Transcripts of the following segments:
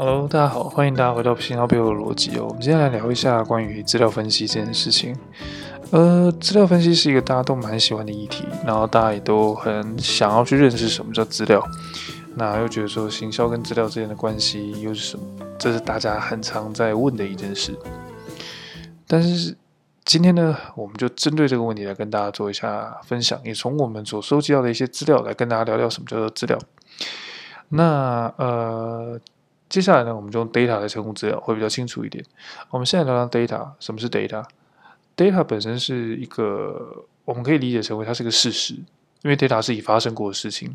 Hello，大家好，歡迎大家回到行銷背後的邏輯哦。我們今天來聊一下關於資料分析這件事情。呃，資料分析是一個大家都蠻喜歡的議題，然後大家也都很想要去認識什麼叫資料，那又覺得說行銷跟資料之間的關係又是什麼？這是大家很常在問的一件事。但是今天呢，我們就針對這個問題來跟大家做一下分享，也從我們所收集到的一些資料來跟大家聊聊什麼叫做資料。那呃。接下來呢，我們就用 data 來稱呼資料，會比較清楚一點。我們現在聊聊 data，什麼是 data？data 本身是一個，我們可以理解成為它是一個事實，因為 data 是已發生過的事情。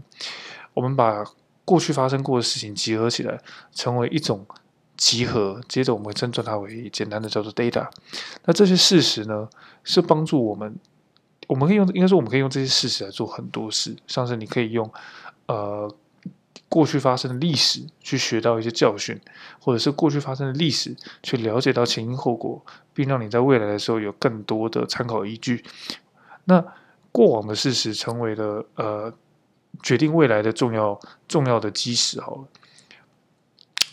我們把過去發生過的事情集合起來，成為一種集合，接着我們會稱作它為簡單的叫做 data。那這些事實呢，是幫助我們，我們可以用，應該說我們可以用這些事實來做很多事。像是你可以用，呃。過去發生的歷史去學到一些教訓，或者是過去發生的歷史去了解到前因後果，並讓你在未來的時候有更多的參考依據。那過往的事實成為了呃決定未來的重要重要的基石。好了，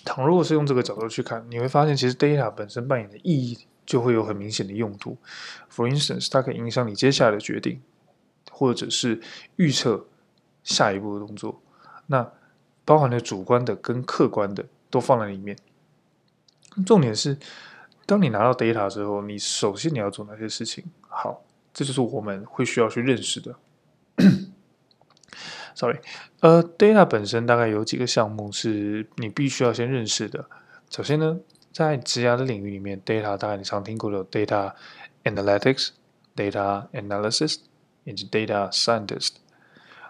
倘若是用這個角度去看，你會發現其實 data 本身扮演的意義就會有很明顯的用途。For instance，它可以影響你接下來的決定，或者是預測下一步的動作。那包含的主觀的跟客觀的都放在裡面。重點是，當你拿到 data 之後，你首先你要做哪些事情？好，這就是我們會需要去認識的。 Sorry，呃，data 本身大概有幾個項目是你必須要先認識的。首先呢，在職涯的領域裡面，data 大概你常聽過的 data analytics、data analysis 以及 data scientist。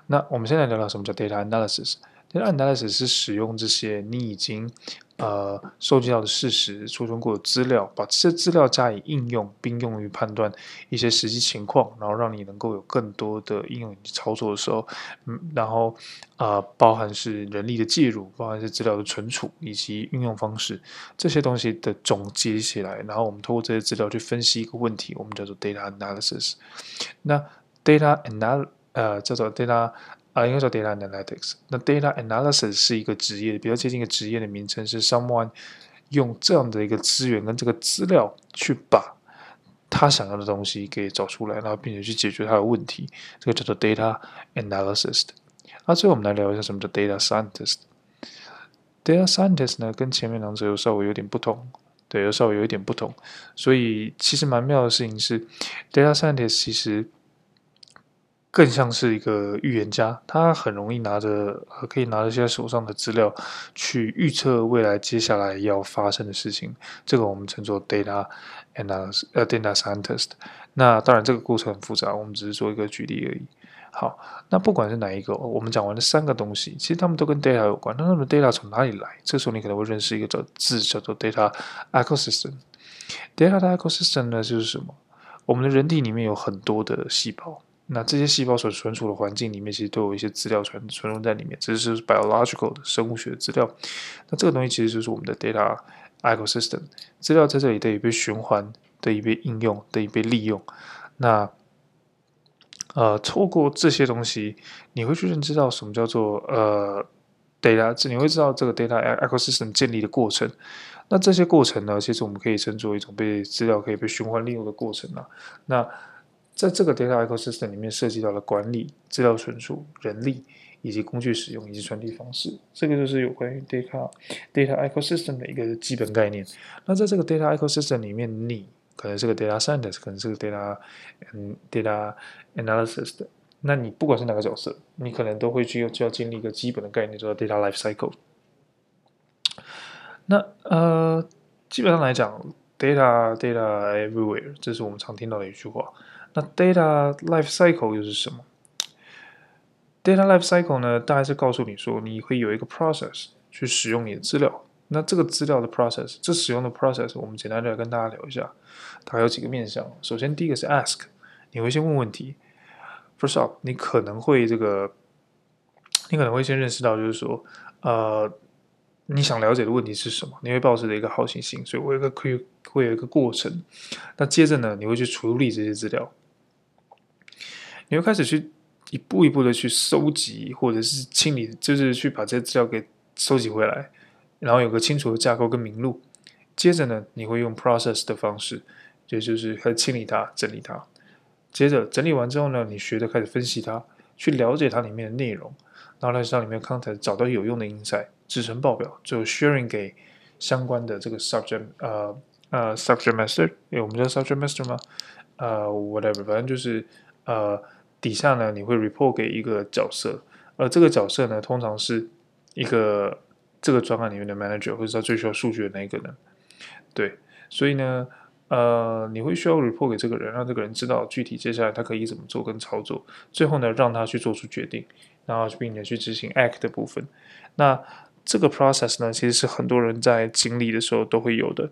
那我們現在聊聊什麼叫 data analysis。其實 analysis 是使用這些你已經呃收集到的事實、儲存過的資料，把這些資料加以應用，並用於判斷一些實際情況，然後讓你能夠有更多的應用以及操作的時候，嗯，然後啊、呃，包含是人力的介入，包含是資料的存儲以及運用方式這些東西的總結起來，然後我們通過這些資料去分析一個問題，我們叫做 data analysis。那 data analysis 呃叫做 data。啊，應該叫 data analytics。那 data analysis 是一個職業，比較接近一個職業的名稱是 someone 用這樣的一個資源跟這個資料去把他想要的東西給找出來，然後並且去解決他的問題，這個叫做 data analysis。那最後我們來聊一下什麼叫 data scientist。data scientist 呢，跟前面兩者又稍微有點不同，對，又稍微有一點不同。所以其實蠻妙的事情是，data scientist 其實。更像是一個預言家，他很容易拿着、呃、可以拿着一些手上的資料去預測未來接下來要發生的事情。這個我們稱作 data and data scientist。那當然這個過程很複雜，我們只是做一個舉例而已。好，那不管是哪一個，我們講完了三個東西，其實他們都跟 data 有關。那那麼 data 從哪裡來？這時候你可能會認識一個叫叫字叫做 data ecosystem。data 的 ecosystem 呢就是什麼？我們的人體裡面有很多的細胞。那這些細胞所存儲的環境裡面，其實都有一些資料存存在裡面，這是 biological 的生物學資料。那這個東西其實就是我們的 data ecosystem，資料在這裡得以被循環、得以被應用、得以被利用。那呃，透過這些東西，你會去認知到什麼叫做呃 data，你會知道這個 data ecosystem 建立的過程。那這些過程呢，其實我們可以稱作一種被資料可以被循環利用的過程了、啊。那在這個 data ecosystem 裡面，涉及到了管理、資料存儲、人力以及工具使用以及傳遞方式。這個就是有關於 data data ecosystem 的一個基本概念。那在這個 data ecosystem 裡面，你可能是個 data scientist，可能是個 data、嗯、data analysis 的，那你不管是哪個角色，你可能都會去就要經歷一個基本的概念，叫做 data life cycle。那呃，基本上來講，data data everywhere，這是我們常聽到的一句話。那 data life cycle 又是什麼？data life cycle 呢？大概是告訴你說，你會有一個 process 去使用你的資料。那這個資料的 process，這使用的 process，我們簡單的來跟大家聊一下，大概有幾個面向。首先，第一個是 ask，你會先問問題。First off，你可能會這個，你可能會先認識到，就是說，呃，你想了解的問題是什麼？你會抱持著一個好奇心，所以我有一個 ue, 會有一個過程。那接着呢，你會去處理這些資料。你要開始去一步一步的去收集，或者是清理，就是去把這些資料給收集回來，然後有個清楚的架構跟名錄。接着呢，你會用 process 的方式，也就是開始清理它、整理它。接着整理完之後呢，你學的開始分析它，去了解它裡面的內容，然後呢，讓裡面 content 找到有用的 insight 制成報表，最後 sharing 給相關的這個 subject, 呃呃 subject，呃呃 subject master，因為我們叫 subject master 嗎？呃，whatever，反正就是呃。底下呢，你會 report 給一個角色，而這個角色呢，通常是一個這個專案裡面的 manager，或者是他最需要數據的那一個呢，對，所以呢，呃，你會需要 report 給這個人，讓這個人知道具體接下來他可以怎麼做跟操作，最後呢，讓他去做出決定，然後並且去執行 act 的部分。那這個 process 呢，其實是很多人在經歷的時候都會有的。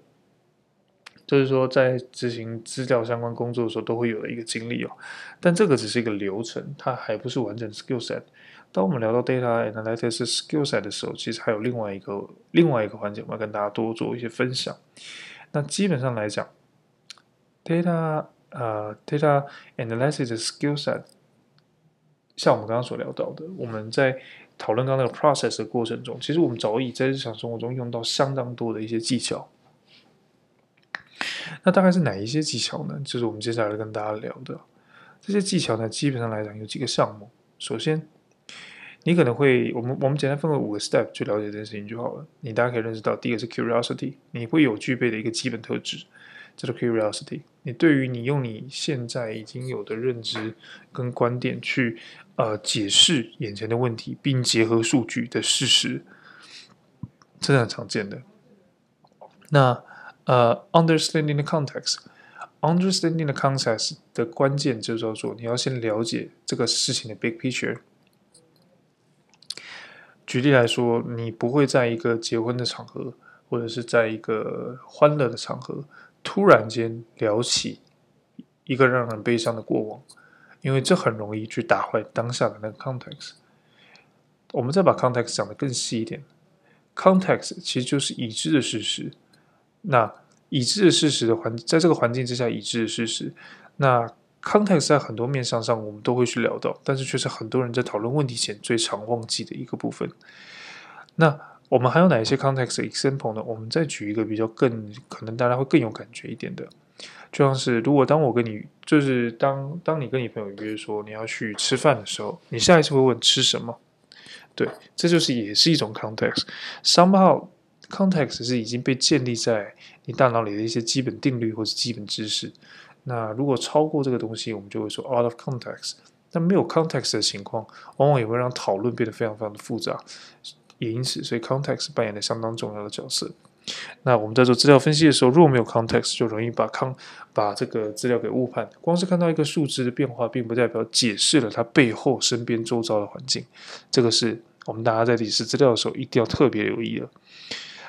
就是說，在執行資料相關工作的時候，都會有的一個經歷哦。但這個只是一個流程，它還不是完整 skill set。當我們聊到 data analysis skill set 的時候，其實還有另外一個另外一個環節，我要跟大家多做一些分享。那基本上來講，data 啊、呃、data analysis skill set，像我們剛剛所聊到的，我們在討論剛剛那個 process 的過程中，其實我們早已在日常生活中用到相當多的一些技巧。那大概是哪一些技巧呢？就是我們接下來跟大家聊的這些技巧呢，基本上來講有幾個項目。首先，你可能會我們我們簡單分為五個 step 去了解這件事情就好了。你大概可以認識到，第一個是 curiosity，你會有具備的一個基本特質，叫做 curiosity。你對於你用你現在已經有的認知跟觀點去呃解釋眼前的問題，並結合數據的事實，這是很常見的。那呃、uh，understanding the context，understanding the context 的關鍵就叫做你要先了解這個事情的 big picture。舉例來說，你不會在一個結婚的場合，或者是在一個歡樂的場合，突然間聊起一個讓人悲傷的過往，因為這很容易去打壞當下的那個 context。我們再把 context 講得更細一點，context 其實就是已知的事實。那已知的事實的環，在這個環境之下，已知的事實，那 context 在很多面向上上，我們都會去聊到，但是卻是很多人在討論問題前最常忘記的一個部分。那我們還有哪一些 context example 呢？我們再舉一個比較更可能大家會更有感覺一點的，就像是如果當我跟你，就是當當你跟你朋友約說你要去吃飯的時候，你下一次會問吃什麼？對，這就是也是一種 context。somehow。Context 是已經被建立在你大腦裡的一些基本定律或者是基本知識。那如果超過這個東西，我們就會說 out of context。那沒有 context 的情況，往往也會讓討論變得非常非常的複雜。也因此，所以 context 扮演了相當重要的角色。那我們在做資料分析的時候，若沒有 context，就容易把康把這個資料給誤判。光是看到一個數字的變化，並不代表解釋了它背後身邊周遭的環境。這個是我們大家在理識資料的時候一定要特別留意的。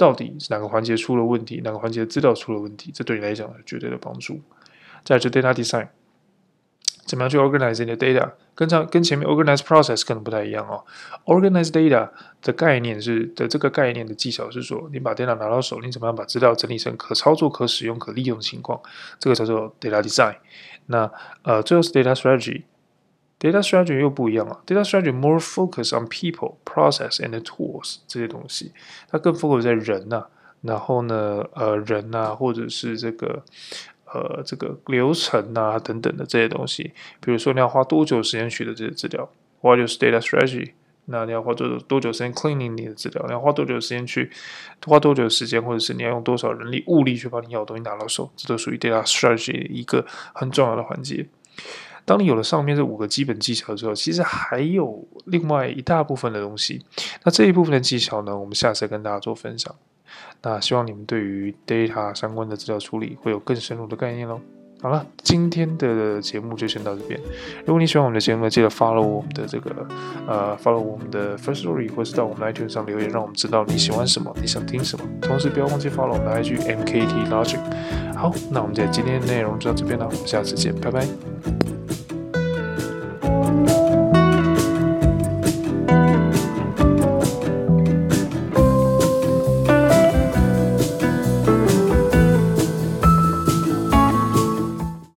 到底是哪個環節出了問題？哪個環節的資料出了問題？這對你來講有絕對的幫助。再是 data design，怎麼樣去 organize 你的 data？跟上跟前面 organize process 可能不太一樣哦。organize data 的概念是的，這個概念的技巧是說，你把電腦拿到手，你怎麼樣把資料整理成可操作、可使用、可利用的情況？這個叫做 data design。那呃，最後是 data strategy。Data strategy 又不一樣啊，Data strategy more focus on people, process and tools 這些東西，它更 focus 在人吶、啊，然後呢，呃，人吶、啊，或者是這個，呃，這個流程吶、啊、等等的這些東西。比如說你要花多久時間取得這些資料，what is data strategy？那你要花多多久時間 cleaning 你的資料，你要花多久時間去，花多久時間，或者是你要用多少人力物力去把你要的東西拿到手，這都屬於 data strategy 的一個很重要的環節。當你有了上面這五個基本技巧之後，其實還有另外一大部分的東西。那這一部分的技巧呢，我們下次跟大家做分享。那希望你們對於 data 相關的資料處理會有更深入的概念嘍。好了，今天的節目就先到這邊。如果你喜歡我們的節目，記得 follow 我們的這個呃 follow 我們的 Firstory，或者是到我們的 iTunes 上留言，讓我們知道你喜歡什麼，你想聽什麼。同時不要忘記 follow 我們的 IG MKT Logic。好，那我們在今天的內容就到這邊啦，我們下次見，拜拜。